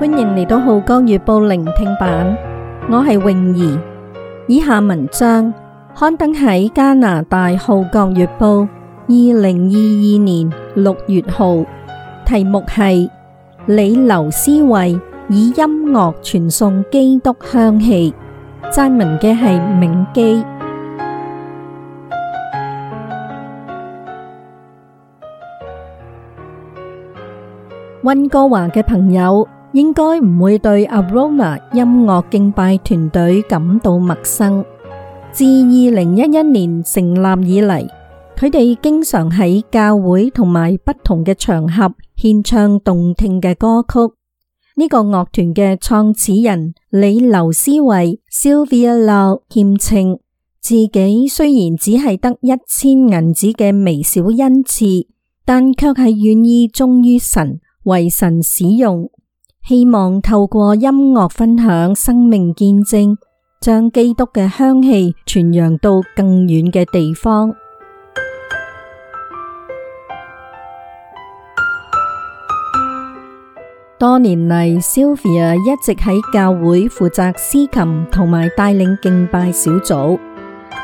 歡迎嚟到《浩江月報》聆聽版，我係泳兒。以下文章刊登喺加拿大《浩江月報》二零二二年六月號，題目係李劉詩慧以音樂傳送基督香氣。撰文嘅係銘基。溫哥華嘅朋友，應該唔會對 Aroma 音樂敬拜團隊感到陌生。自二零一一年成立以嚟，佢哋經常喺教會同埋不同嘅場合獻唱動聽嘅歌曲。呢個樂團嘅創始人李劉詩慧 （Sylvia Lau） 謙稱自己雖然只係得一千銀子嘅微小恩賜，但卻係願意忠於神，為神使用。希望透過音樂分享生命見證，將基督嘅香氣傳揚到更遠嘅地方。多年嚟，Sylvia 一直喺教會負責司琴同埋帶領敬拜小組。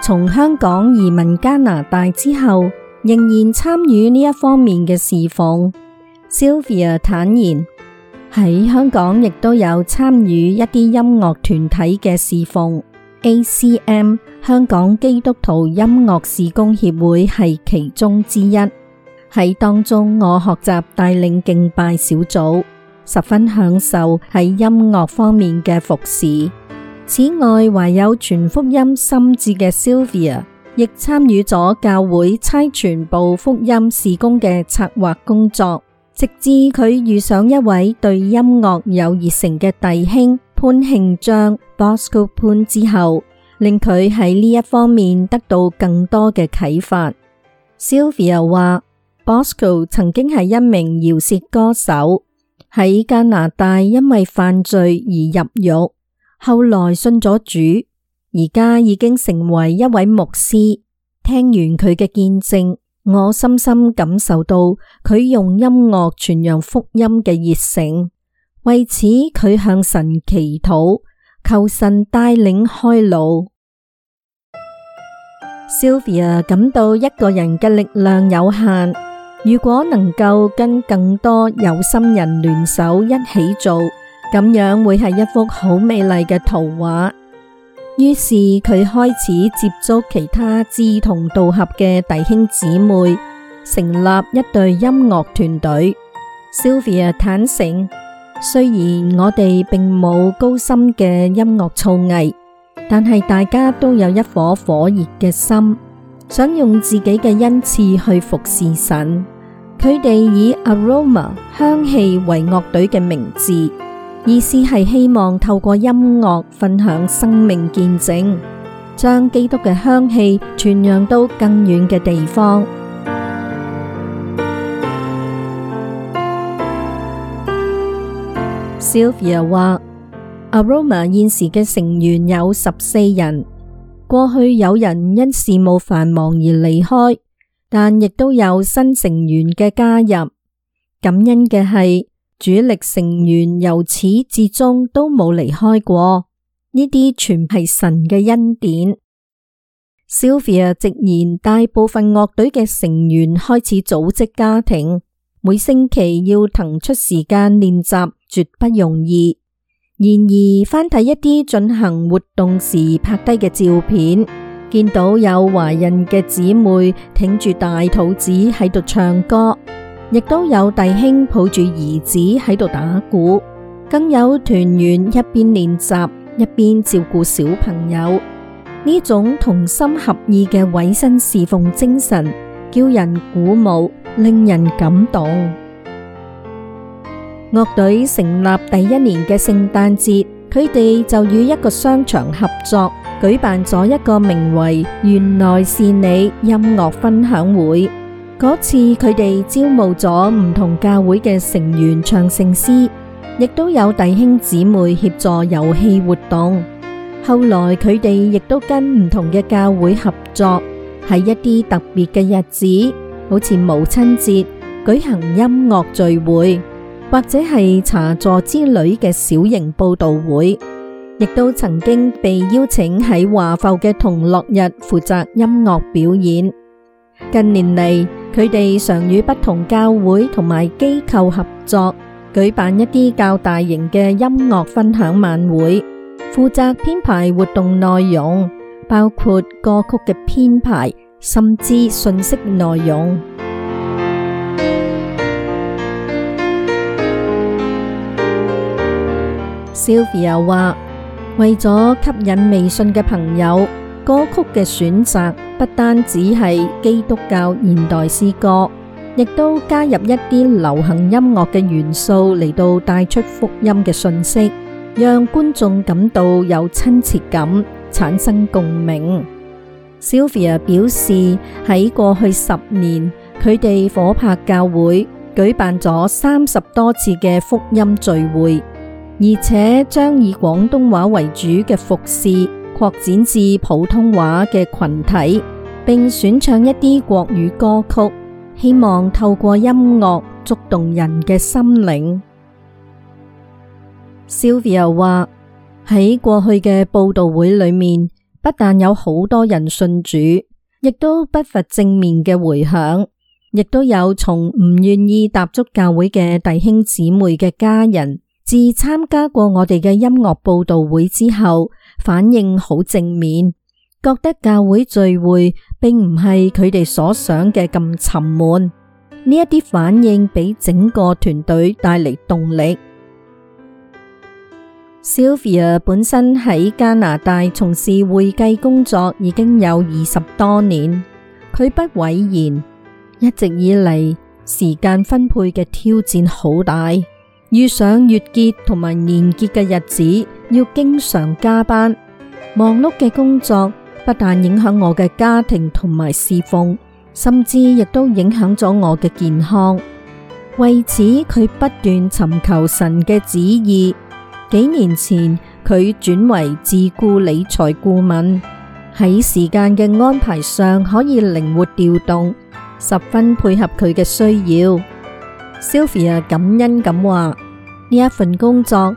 從香港移民加拿大之後，仍然參與呢一方面嘅侍奉。Sylvia 坦言：喺香港亦都有參與一啲音樂團體嘅侍奉，ACM 香港基督徒音樂事工協會係其中之一。喺當中，我學習帶領敬拜小組，十分享受喺音樂方面嘅服侍。此外，懷有傳福音心志嘅 Sylvia 亦參與咗教會差傳部福音事工嘅策劃工作。直至佢遇上一位對音樂有熱誠嘅弟兄潘慶章 Bosco 潘之後，令佢喺呢一方面得到更多嘅啟發。Sylvia 話，Bosco 曾經係一名饒舌歌手，喺加拿大因為犯罪而入獄，後來信咗主，而家已經成為一位牧師。聽完佢嘅見證。我深深感受到佢用音樂傳揚福音嘅熱誠，為此佢向神祈禱，求神帶領開路。Sylvia 感到一個人嘅力量有限，如果能夠跟更多有心人聯手一起做，咁樣會係一幅好美麗嘅圖畫。於是佢開始接觸其他志同道合嘅弟兄姊妹，成立一隊音樂團隊。Sylvia 坦誠，雖然我哋並冇高深嘅音樂造詣，但係大家都有一顆火熱嘅心，想用自己嘅恩賜去服侍神。佢哋以 Aroma 香氣為樂隊嘅名字。意思係希望透過音樂分享生命見證，將基督嘅香氣傳揚到更遠嘅地方。Sylvia 話，Aroma 現時嘅成員有十四人，過去有人因事務繁忙而離開，但亦都有新成員嘅加入。感恩嘅係，主力成員由始至終都冇離開過，呢啲全係神嘅恩典。Sylvia 直言，大部分樂隊嘅成員開始組織家庭，每星期要騰出時間練習，絕不容易。然而，翻睇一啲進行活動時拍低嘅照片，見到有懷孕嘅姊妹挺住大肚子喺度唱歌。亦都有弟兄抱住兒子喺度打鼓，更有團員一邊練習一邊照顧小朋友。呢種同心合意嘅委身侍奉精神，叫人鼓舞，令人感動。樂隊成立第一年嘅聖誕節，佢哋就與一個商場合作，舉辦咗一個名為《原來是你》音樂分享會。嗰次佢哋招募咗唔同教會嘅成員唱聖詩，亦都有弟兄姊妹協助遊戲活動。後來佢哋亦都跟唔同嘅教會合作，喺一啲特別嘅日子，好似母親節舉行音樂聚會，或者係茶座之旅嘅小型報道會，亦都曾經被邀請喺華埠嘅同樂日負責音樂表演。近年嚟，佢哋常與不同教會同埋機構合作，舉辦一啲較大型嘅音樂分享晚會，負責編排活動內容，包括歌曲嘅編排，甚至信息內容。Sylvia 話：為咗吸引微信嘅朋友。歌曲嘅選擇不單只係基督教現代詩歌，亦都加入一啲流行音樂嘅元素嚟，到帶出福音嘅信息，讓觀眾感到有親切感，產生共鳴。Sylvia 表示喺過去十年，佢哋火拍教會舉辦咗三十多次嘅福音聚會，而且將以廣東話為主嘅服侍，擴展至普通話嘅群體，並選唱一啲國語歌曲，希望透過音樂觸動人嘅心靈。Sylvia 又話喺過去嘅報道會裏面，不但有好多人信主，亦都不乏正面嘅回響，亦都有從唔願意踏足教會嘅弟兄姊妹嘅家人，自參加過我哋嘅音樂報道會之後。反應好正面，覺得教會聚會並唔係佢哋所想嘅咁沉悶。呢一啲反應俾整個團隊帶嚟動力。Sylvia 本身喺加拿大從事會計工作已經有二十多年，佢不諱言，一直以嚟時間分配嘅挑戰好大，遇上月結同埋年結嘅日子。要經常加班，忙碌嘅工作不但影響我嘅家庭同埋侍奉，甚至亦都影響咗我嘅健康。為此，佢不斷尋求神嘅旨意。幾年前，佢轉為自僱理財顧問，喺時間嘅安排上可以靈活調動，十分配合佢嘅需要。Sylvia 感恩咁話：呢一份工作。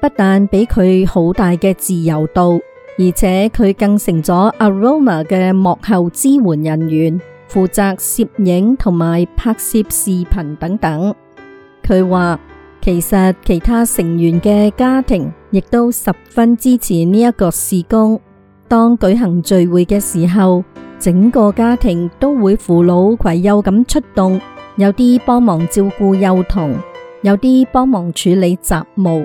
不但俾佢好大嘅自由度，而且佢更成咗 Aroma 嘅幕後支援人員，負責攝影同埋拍攝視頻等等。佢話其實其他成員嘅家庭亦都十分支持呢一個事工。當舉行聚會嘅時候，整個家庭都會扶老攜幼咁出動，有啲幫忙照顧幼童，有啲幫忙處理雜務。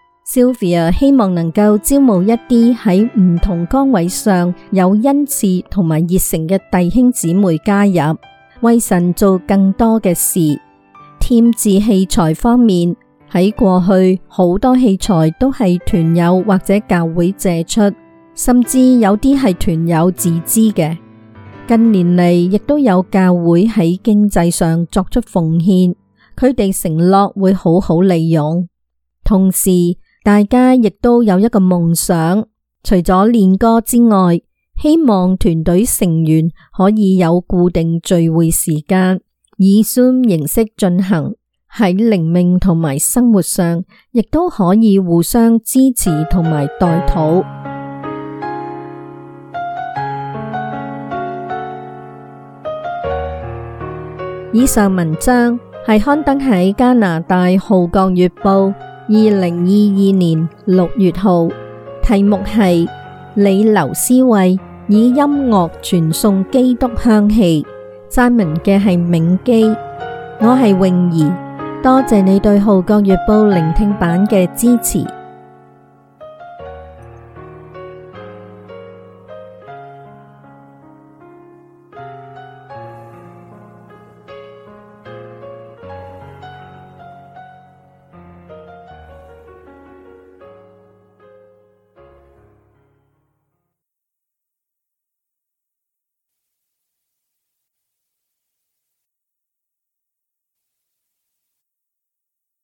Sylvia 希望能夠招募一啲喺唔同崗位上有恩賜同埋熱誠嘅弟兄姊妹加入，為神做更多嘅事。添置器材方面，喺過去好多器材都係團友或者教會借出，甚至有啲係團友自資嘅。近年嚟亦都有教會喺經濟上作出奉獻，佢哋承諾會好好利用，同時。大家亦都有一個夢想，除咗練歌之外，希望團隊成員可以有固定聚會時間，以 Zoom 形式進行。喺靈命同埋生活上，亦都可以互相支持同埋代禱。 以上文章係刊登喺加拿大《號角月報》。二零二二年六月號，題目係李劉詩慧以音樂傳送基督香氣。撰文嘅係銘基，我係泳儀，多謝你對號角月報聆聽版嘅支持。